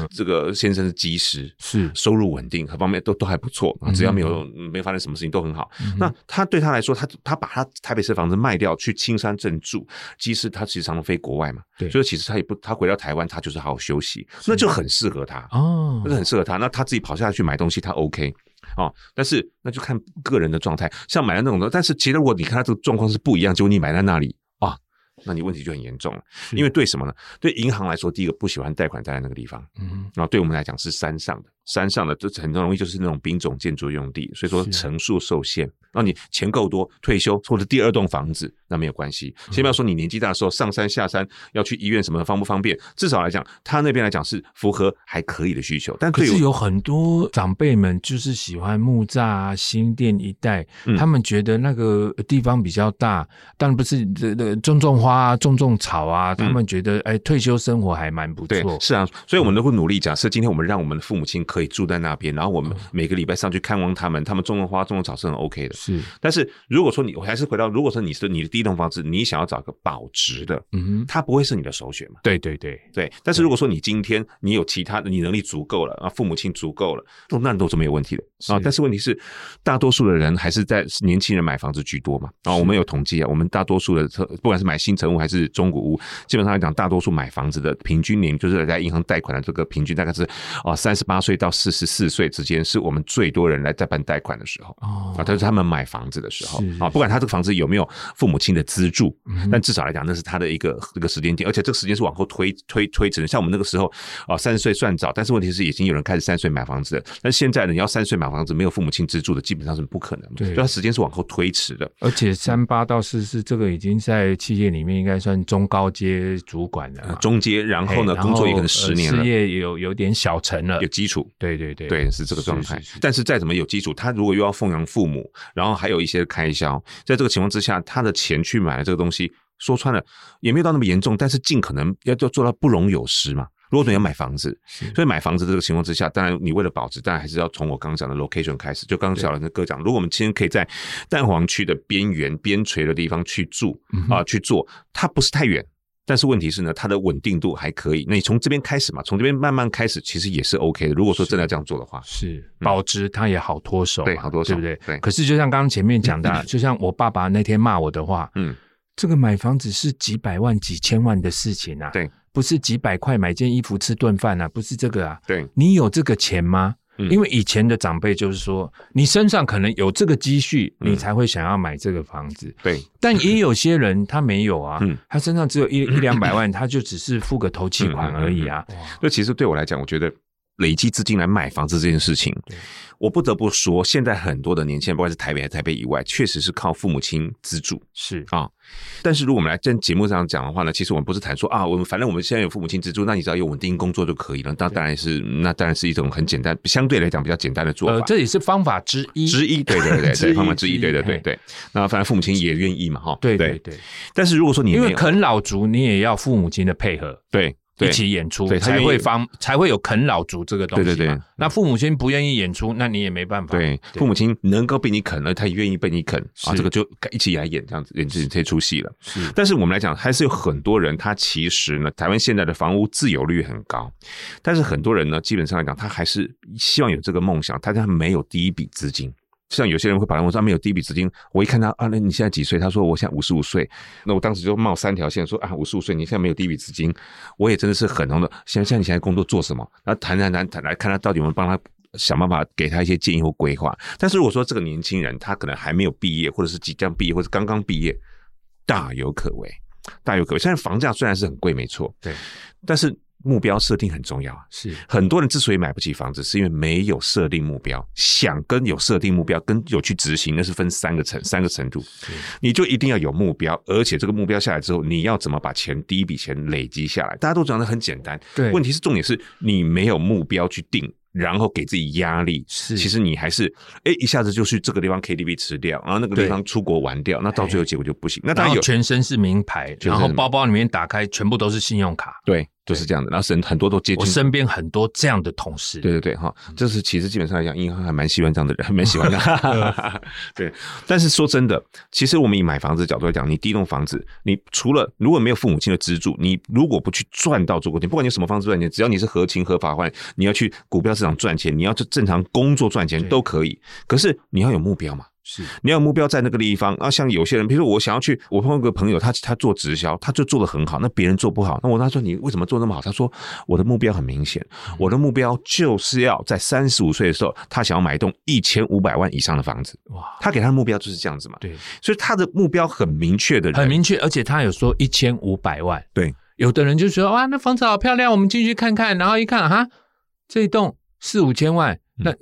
嗯，這個先生是機師，是收入穩定，各方面都都還不錯。只要沒有、嗯、沒發生什麼事情，都很好。嗯、哼那他對他來說，他他把他台北市房子賣掉去青山鎮住，機師他其實常常飛國外嘛，對。所以其實他也不，他回到台灣，他就是好好休息，的那就很適合他哦，就是很適合他。那他自己跑下去買東西，他 OK。哦，但是那就看個人的狀態，像買了那種的，但是其實如果你看他這個狀況是不一樣，就你買在那裡啊、哦，那你問題就很嚴重了，是因為對什麼呢？對銀行來說，第一個不喜歡貸款在那個地方，嗯，然後對我們來講是山上的。山上的就很多容易就是那種丙種建築用地，所以說層數受限。那是、啊、你錢夠多，退休或者第二棟房子那沒有關係。先不要說你年紀大的時候、嗯、上山下山要去醫院什麼的方不方便，至少來講，他那邊來講是符合還可以的需求。但可是有很多長輩們就是喜歡木柵啊、新店一帶，嗯、他們覺得那個地方比較大，當然不是種種花、啊、種種草啊，嗯、他們覺得哎、欸、退休生活還蠻不錯。對，是啊，所以我們都會努力。假設今天我們讓我們的父母親可。可以住在那邊，然後我們每個禮拜上去看望他們。他們種的花、種的草是很 OK 的。是，但是如果說你我還是回到，如果說你是你的第一棟房子，你想要找個保值的，嗯哼，它不會是你的首選嘛？對對對對。但是如果說你今天你有其他的，你能力足夠了啊，父母親足夠了，那、哦、那都是沒有問題的啊是、哦。但是問題是，大多數的人還是在年輕人買房子居多嘛啊、哦。我們有統計啊，我們大多數的，不管是買新成屋還是中古屋，基本上來講，大多數買房子的平均年齡就是在銀行貸款的這個平均大概是啊三十八歲到四十四歲之間，是我們最多人來在辦貸款的時候、哦、啊。他、就是他們買房子的時候是是是啊，不管他這個房子有沒有父母親的資助，嗯、哼但至少來講，那是他的一個這個時間點，而且這個時間是往後推推推遲的。像我們那個時候啊，三十歲算早，但是問題是已經有人開始三十歲買房子了。但現在呢，你要三十歲買房子沒有父母親資助的，基本上是不可能。對，所以時間是往後推遲的。而且三八到四四，44這個已經在企業裡面應該算中高階主管了、嗯，中階。然後呢，欸、然後工作也可能十年了，事、呃、業有有點小成了，有基礎。對對對，對，是這個狀態。是是是，但是再怎麼有基礎，他如果又要奉養父母，然後還有一些開銷，在這個情況之下，他的錢去買了這個東西，說穿了也沒有到那麼嚴重。但是尽可能要要做到不容有失嘛。如果你要買房子，是是所以買房子這個情況之下，當然你為了保值，當然還是要從我剛剛講的 location 開始。就剛剛小林的哥講，對如果我們今天可以在蛋黃區的邊緣、邊陲的地方去住、嗯、哼啊，去做，它不是太遠。但是問題是呢，它的穩定度還可以。那你從這邊開始嘛，從這邊慢慢開始，其實也是 OK 的。如果說真的要這樣做的話，是，是、嗯、保值，它也好脫手、啊，對，好脫手，對不對？對。可是就像剛剛前面講的，欸、就像我爸爸那天罵我的話，嗯，這個買房子是幾百萬、幾千萬的事情啊，對，不是幾百塊買件衣服、吃頓飯啊，不是這個啊，對，你有這個錢嗎？因為以前的長輩就是說，你身上可能有這個積蓄，你才會想要買這個房子、嗯。對，但也有些人他沒有啊，嗯、他身上只有一、嗯、一兩百萬，他就只是付個頭期款而已啊。那、嗯嗯嗯嗯嗯、其實對我來講，我覺得。累積資金來買房子這件事情，我不得不說，現在很多的年輕人，不管是台北還是台北以外，確實是靠父母親資助，是啊。但是如果我們來在節目上講的話呢，其實我們不是談說啊，我們反正我們現在有父母親資助，那你只要有穩定工作就可以了。那當然是，那當然是一種很簡單，相對來講比較簡單的做法。這也是方法之一之一，對對對，方法之一，對對對對。那反正父母親也願意嘛，哈，對對對。但是如果說你願意，因為啃老族，你也要父母親的配合，對。對一起演出，對他會方才會有啃老族這個東西。對對對，那父母親不願意演出，那你也沒辦法。對，對父母親能夠被你啃了，他也願意被你啃是啊，這個就一起來演這樣子演這些出戲了。是，但是我們來講，還是有很多人，他其實呢，台灣現在的房屋自有率很高，但是很多人呢，基本上來講，他還是希望有這個夢想，但他沒有第一筆資金。像有些人會跑來問我說、啊、沒有第一筆資金，我一看他啊，那你現在幾歲？他說我現在五十五歲，那我當時就冒三條線說啊，五十五歲你現在沒有第一筆資金，我也真的是很難的。想想你現在工作做什麼？那談談談談來看他到底有沒有幫他想辦法給他一些建議或規劃。但是如果說這個年輕人他可能還沒有畢業，或者是即將畢業或者剛剛畢業，大有可為，大有可為。現在房價雖然是很貴，沒錯，對，但是。目標設定很重要啊，是很多人之所以買不起房子，是因為沒有設定目標。想跟有設定目標、跟有去執行，那是分三個層、三個程度。是你就一定要有目標，而且這個目標下來之後，你要怎麼把錢第一筆錢累積下來？大家都講得很簡單，對問題是重點是你沒有目標去定，然後給自己壓力。是，其實你還是哎、欸，一下子就去這個地方 KTV 吃掉，然後那個地方出國玩掉，對那到最後結果就不行。欸、那當然有。然後全身是名牌，然後包包裡面打開全部都是信用卡，對。對就是這樣的，然後很多都接近我身邊很多這樣的同事。對對對，哈，就是其實基本上來講，銀行還蠻喜歡這樣的人，還蠻喜歡的。 對，但是說真的，其實我們以買房子的角度來講，你第一棟房子，你除了如果沒有父母親的資助，你如果不去賺到足夠錢，不管你什麼方式賺錢，只要你是合情合法，或你要去股票市場賺錢，你要去正常工作賺錢都可以。對可是你要有目標嘛。是，你要有目標在那個地方。啊，像有些人，比如說我想要去，我碰到個朋友他，他他做直銷，他就做得很好。那別人做不好，那我他說你為什麼做那麼好？他說我的目標很明顯，嗯、我的目標就是要在三十五歲的時候，他想要買一棟一千五百萬以上的房子。哇，他給他的目標就是這樣子嘛。對，所以他的目標很明確的人，很明確，而且他有說一千五百萬。對，有的人就說哇，那房子好漂亮，我們進去看看。然後一看哈、啊，這一棟四五千萬。那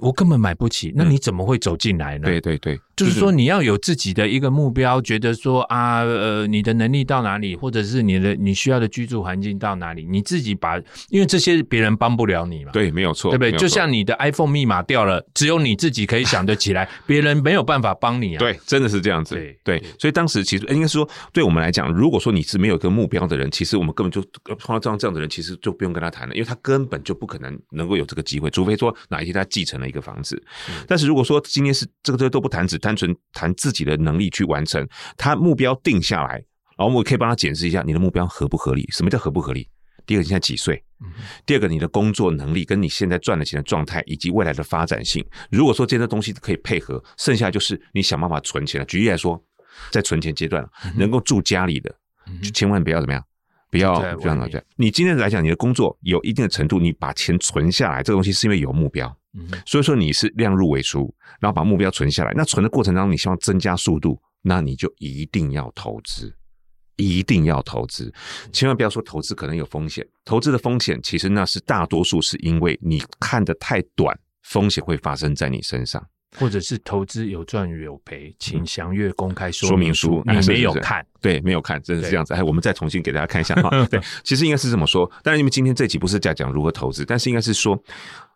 我根本買不起，那你怎麼會走進來呢、嗯？對對對，就是說你要有自己的一個目標，就是、覺得說啊，呃，你的能力到哪裡，或者是你的你需要的居住環境到哪裡，你自己把，因為這些別人幫不了你嘛。對，沒有錯，對不對？就像你的 iPhone 密碼掉了，只有你自己可以想得起來， 別人沒有辦法幫你啊。對，真的是這樣子。對、對、對，所以當時其實應該說，對我們來講，如果說你是沒有一個目標的人，其實我們根本就碰到這樣這樣的人，其實就不用跟他談了，因為他根本就不可能能夠有這個機會，除非說。哪一天他繼承了一個房子，但是如果說今天是這個這都不談，只單純談自己的能力去完成，他目標定下來，然後我們可以幫他檢視一下你的目標合不合理？什麼叫合不合理？第一個你現在幾歲？第二個你的工作能力跟你現在賺的錢的狀態以及未來的發展性，如果說這些東西都可以配合，剩下就是你想辦法存錢了。舉例來說，在存錢階段，能夠住家裡的，就千萬不要怎麼樣。不要這樣講。你今天來講，你的工作有一定的程度，你把錢存下來，這個東西是因為有目標。嗯、哼所以說你是量入為出，然後把目標存下來。那存的過程當中，你希望增加速度，那你就一定要投資，一定要投資。嗯、千萬不要說投資可能有風險，投資的風險其實那是大多數是因為你看得太短，風險會發生在你身上。或者是投資有賺有賠，請詳閱公開說明書。嗯、說明書你沒有看？哎、是是是對，沒有看，真的是這樣子。哎對，我們再重新給大家看一下。對，哈對，其實應該是這麼說。但是因為今天這集不是在講如何投資，但是應該是說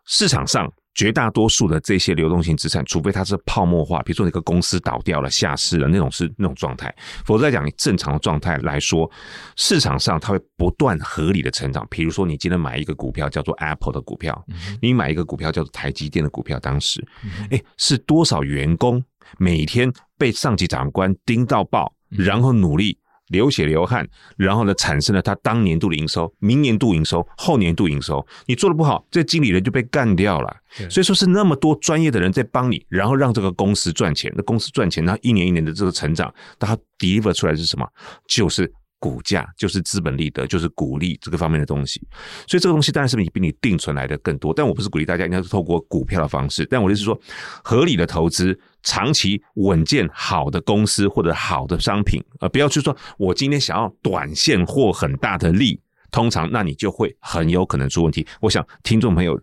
市場上。絕大多數的這些流動性資產，除非它是泡沫化，比如說那個公司倒掉了、下市了那種是那種狀態，否則來講，正常的狀態來說，市場上它會不斷合理的成長。比如說，你今天買一個股票叫做 Apple 的股票，嗯、哼你買一個股票叫做台積電的股票，當時，哎、嗯哼欸，是多少員工每天被上級長官盯到爆，然後努力。流血流汗，然後呢，產生了他當年度的營收、明年度營收、後年度營收。你做得不好，這個經理人就被幹掉了。對所以說是那麼多專業的人在幫你，然後讓這個公司賺錢。那公司賺錢，然後一年一年的這個成長，他 deliver 出來是什麼？就是。股價就是資本利得，就是鼓勵這個方面的東西，所以這個東西當然是比你定存來的更多。但我不是鼓勵大家，應該是透過股票的方式。但我就是說，合理的投資，長期穩健好的公司或者好的商品，而不要去說我今天想要短線獲很大的利，通常那你就會很有可能出問題。我想聽眾朋友。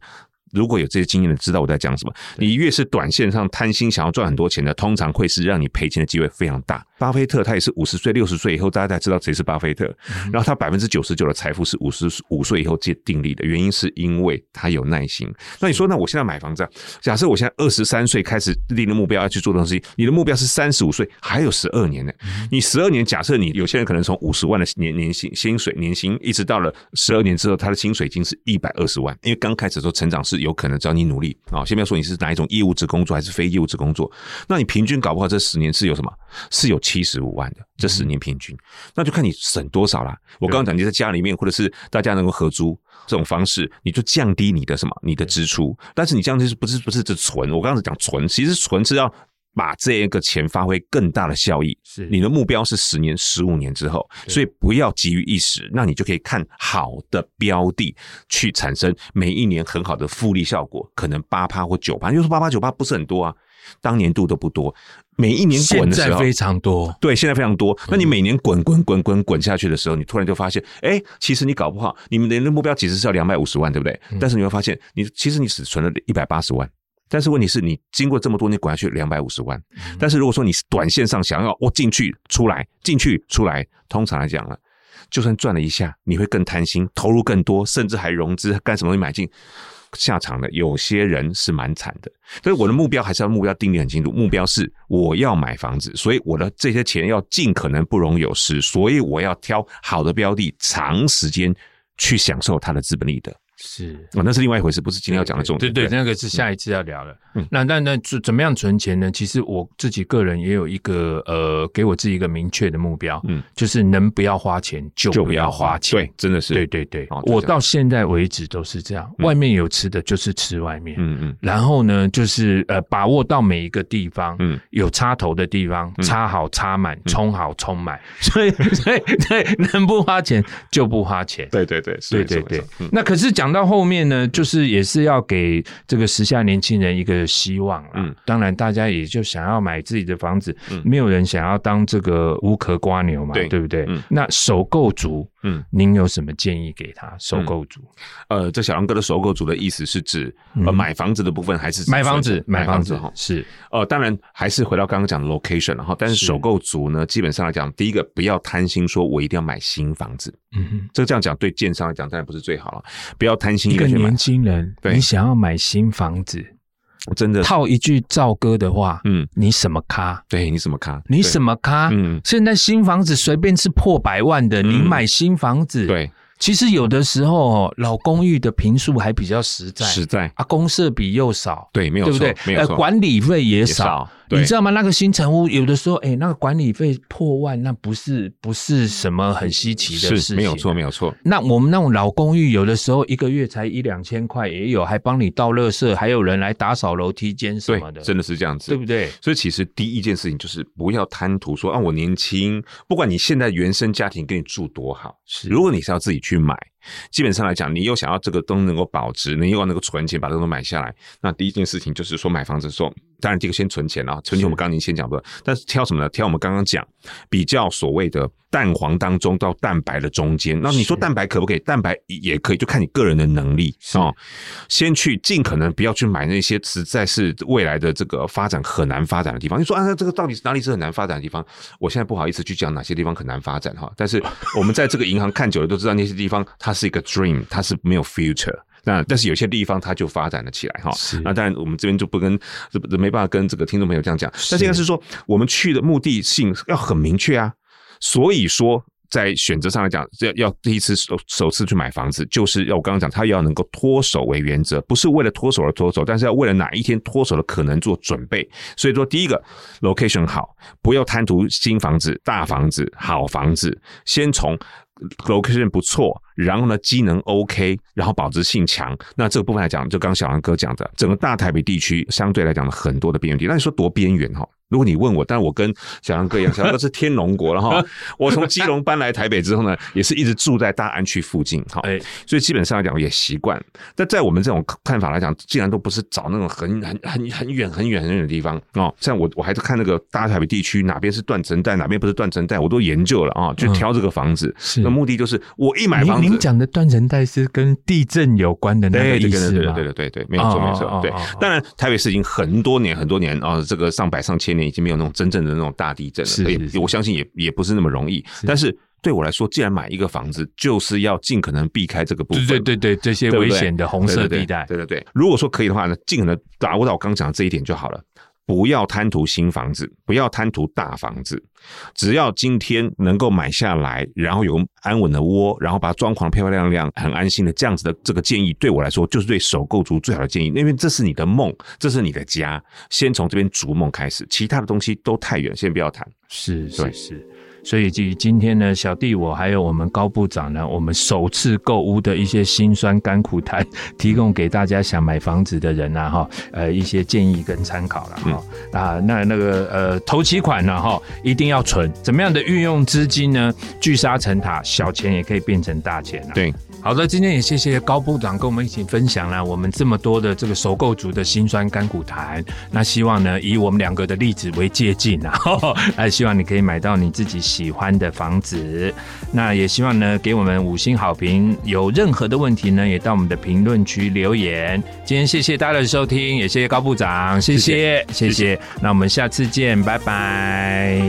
如果有這些經驗的，知道我在講什麼？你越是短線上貪心，想要賺很多錢的，通常會是讓你賠錢的機會非常大。巴菲特他也是五十歲、六十歲以後，大家才知道誰是巴菲特。然後他百分之九十九的財富是五十五歲以後接定立的，原因是因為他有耐心。那你說，那我現在買房子，假設我現在二十三歲開始立的目標要去做東西，你的目標是三十五歲，還有十二年呢、欸。你十二年，假設你有些人可能從五十萬的年年薪薪水，年薪，年薪，年薪一直到了十二年之後，他的薪水已經是一百二十萬，因為剛開始的時候成長是有，有可能只要你努力啊，先不要說你是哪一種義務職工作還是非義務職工作，那你平均搞不好這十年是有什麼？是有七十五萬的，這十年平均，那就看你省多少啦。我剛剛講你在家裡面或者是大家能夠合租這種方式，你就降低你的什麼，你的支出，但是你降低是不是不是這存，就是。我剛才講存，其實存是要。把這一個錢發揮更大的效益，是你的目標是十年、十五年之後，對所以不要急於一時，那你就可以看好的標的去產生每一年很好的複利效果，可能八趴或九趴，因為八八九八，不是很多啊，當年度都不多。每一年的現在非常多，對，現在非常多。那、嗯、你每年滾滾滾滾滾下去的時候，你突然就發現，哎、欸，其實你搞不好，你們人的目標其實是要兩百五十萬，對不對？嗯、但是你會發現，你其實你只存了一百八十萬。但是問題是，你經過這麼多年滾下去兩百五十萬。但是如果說你是短線上想要我進去，哦，出來，進去出來，通常來講了、啊，就算賺了一下，你會更貪心，投入更多，甚至還融資幹什麼都買進，下場的有些人是蠻慘的。所以我的目標還是要目標定位很清楚，目標是我要買房子，所以我的這些錢要盡可能不容有失，所以我要挑好的標的，長時間去享受它的資本利得。是，那是另外一回事，不是今天要講的重點。對對，那個是下一次要聊的。那那那，怎麼樣存錢呢？其實我自己個人也有一個呃，給我自己一個明確的目標，嗯，就是能不要花錢就不要花錢。對，真的是，對對對。我到現在為止都是這樣，外面有吃的就是吃外面，嗯嗯。然後呢，就是呃，把握到每一個地方，嗯，有插頭的地方插好插滿，充好充滿。所以所以對，能不花錢就不花錢。對對對，對對對。那可是講。講到後面呢，就是也是要給這個時下年輕人一個希望，嗯，當然大家也就想要買自己的房子，沒有人想要當這個無殼蝸牛嘛，對不對？嗯，那首購族，嗯，您有什麼建議給他？首購族，呃，這小楊哥的首購族的意思是指，呃，買房子的部分還是買房子，買房子哈，是，呃，當然還是回到剛剛講的 location，了哈，但是首購族呢，基本上來講，第一個不要貪心，說我一定要買新房子，嗯，這個這樣講對建商來講當然不是最好了，不要。一個年輕人，你想要買新房子，我真的套一句趙哥的話，嗯，你什麼咖？對，你什麼咖？你什麼咖？嗯，現在新房子隨便是破百萬的，你買新房子，對，其實有的時候老公寓的坪數還比較實在，實在啊，公設比又少，對，沒有錯，對不對？沒有錯，管理費也少。對你知道嗎？那個新成屋有的時候，哎、欸，那個管理費破萬，那不是不是什麼很稀奇的事情。是沒有錯，沒有錯。那我們那種老公寓，有的時候一個月才一兩千塊也有，還幫你倒垃圾，還有人來打掃樓梯間什麼的，對真的是這樣子，對不對？所以其實第一件事情就是不要貪圖說啊，我年輕，不管你現在原生家庭給你住多好，是的如果你是要自己去買。基本上來講，你又想要這個都能夠保值，你又要能夠存錢把這個都買下來，那第一件事情就是說買房子的時候，當然這個先存錢啊、哦，存錢我們剛剛已經先講過了，是但是挑什麼呢？挑我們剛剛講比較所謂的蛋黃當中到蛋白的中間。那你說蛋白可不可以？是蛋白也可以，就看你個人的能力啊是、哦。先去盡可能不要去買那些實在是未來的這個發展很難發展的地方。你說啊，這個到底是哪裡是很難發展的地方？我現在不好意思去講哪些地方很難發展哈。但是我們在這個銀行看久了，都知道那些地方它。 是一個 dream，它是沒有 future。那但是有些地方它就發展了起來哈。是那當然我們這邊就不跟這沒辦法跟這個聽眾朋友這樣講。但是應該是說，我們去的目的性要很明確啊。是所以說，在選擇上來講，要要第一次首首次去買房子，就是要我剛剛講，它要能夠脫手為原則，不是為了脫手而脫手，但是要為了哪一天脫手的可能做準備。所以說，第一個 location 好，不要貪圖新房子、大房子、好房子，先從。location 不錯，然後呢，機能 OK，然後保值性強。那這個部分來講，就剛小王哥講的，整個大台北地區相對來講的很多的邊緣地，那你說多邊緣哈、哦？如果你問我，但是我跟小楊哥一樣，小楊哥是天龍國，然後 我從基隆搬來台北之後呢，也是一直住在大安區附近哈。哎，所以基本上來講我也習慣。那在我們這種看法來講，既然都不是找那種很很很很遠很遠很遠的地方哦，像我我還是看那個大台北地區哪邊是斷層帶，哪邊不是斷層帶，我都研究了啊，就挑這個房子。是、嗯、那目的就是我一買房子，您講的斷層帶是跟地震有關的那個意思嗎？對對對對對，沒錯沒錯對。當然，台北市已經很多年很多年啊、哦，這個上百上千年。已經沒有那種真正的那種大地震了，所以我相信也也不是那麼容易。但是對我來說，既然買一個房子，就是要盡可能避開這個部分，對對,對對對對，這些危險的紅色地帶。對對對，如果說可以的話呢，盡可能把握到我剛講的這一點就好了。不要貪圖新房子，不要貪圖大房子，只要今天能夠買下來，然後有個安穩的窩，然後把它裝潢漂漂亮亮，很安心的這樣子的這個建議，對我來說就是對首購族最好的建議。因為這是你的夢，這是你的家，先從這邊逐夢開始，其他的東西都太遠，先不要談。是是是。對所以，今天呢，小弟我還有我們高部長呢，我們首次購屋的一些辛酸甘苦談，提供給大家想買房子的人吶，哈，呃一些建議跟參考了，哈、嗯、啊，那那個呃，頭期款呢，哈，一定要存，怎麼樣的運用資金呢？聚沙成塔，小錢也可以變成大錢啊。對。好的，今天也謝謝高部長跟我們一起分享了我們這麼多的這個首購族的辛酸甘苦談。那希望呢，以我們兩個的例子為借鏡啊，那希望你可以買到你自己喜歡的房子。那也希望呢，給我們五星好評。有任何的問題呢，也到我們的評論區留言。今天謝謝大家的收聽，也謝謝高部長，謝謝謝謝。那我們下次見，拜拜。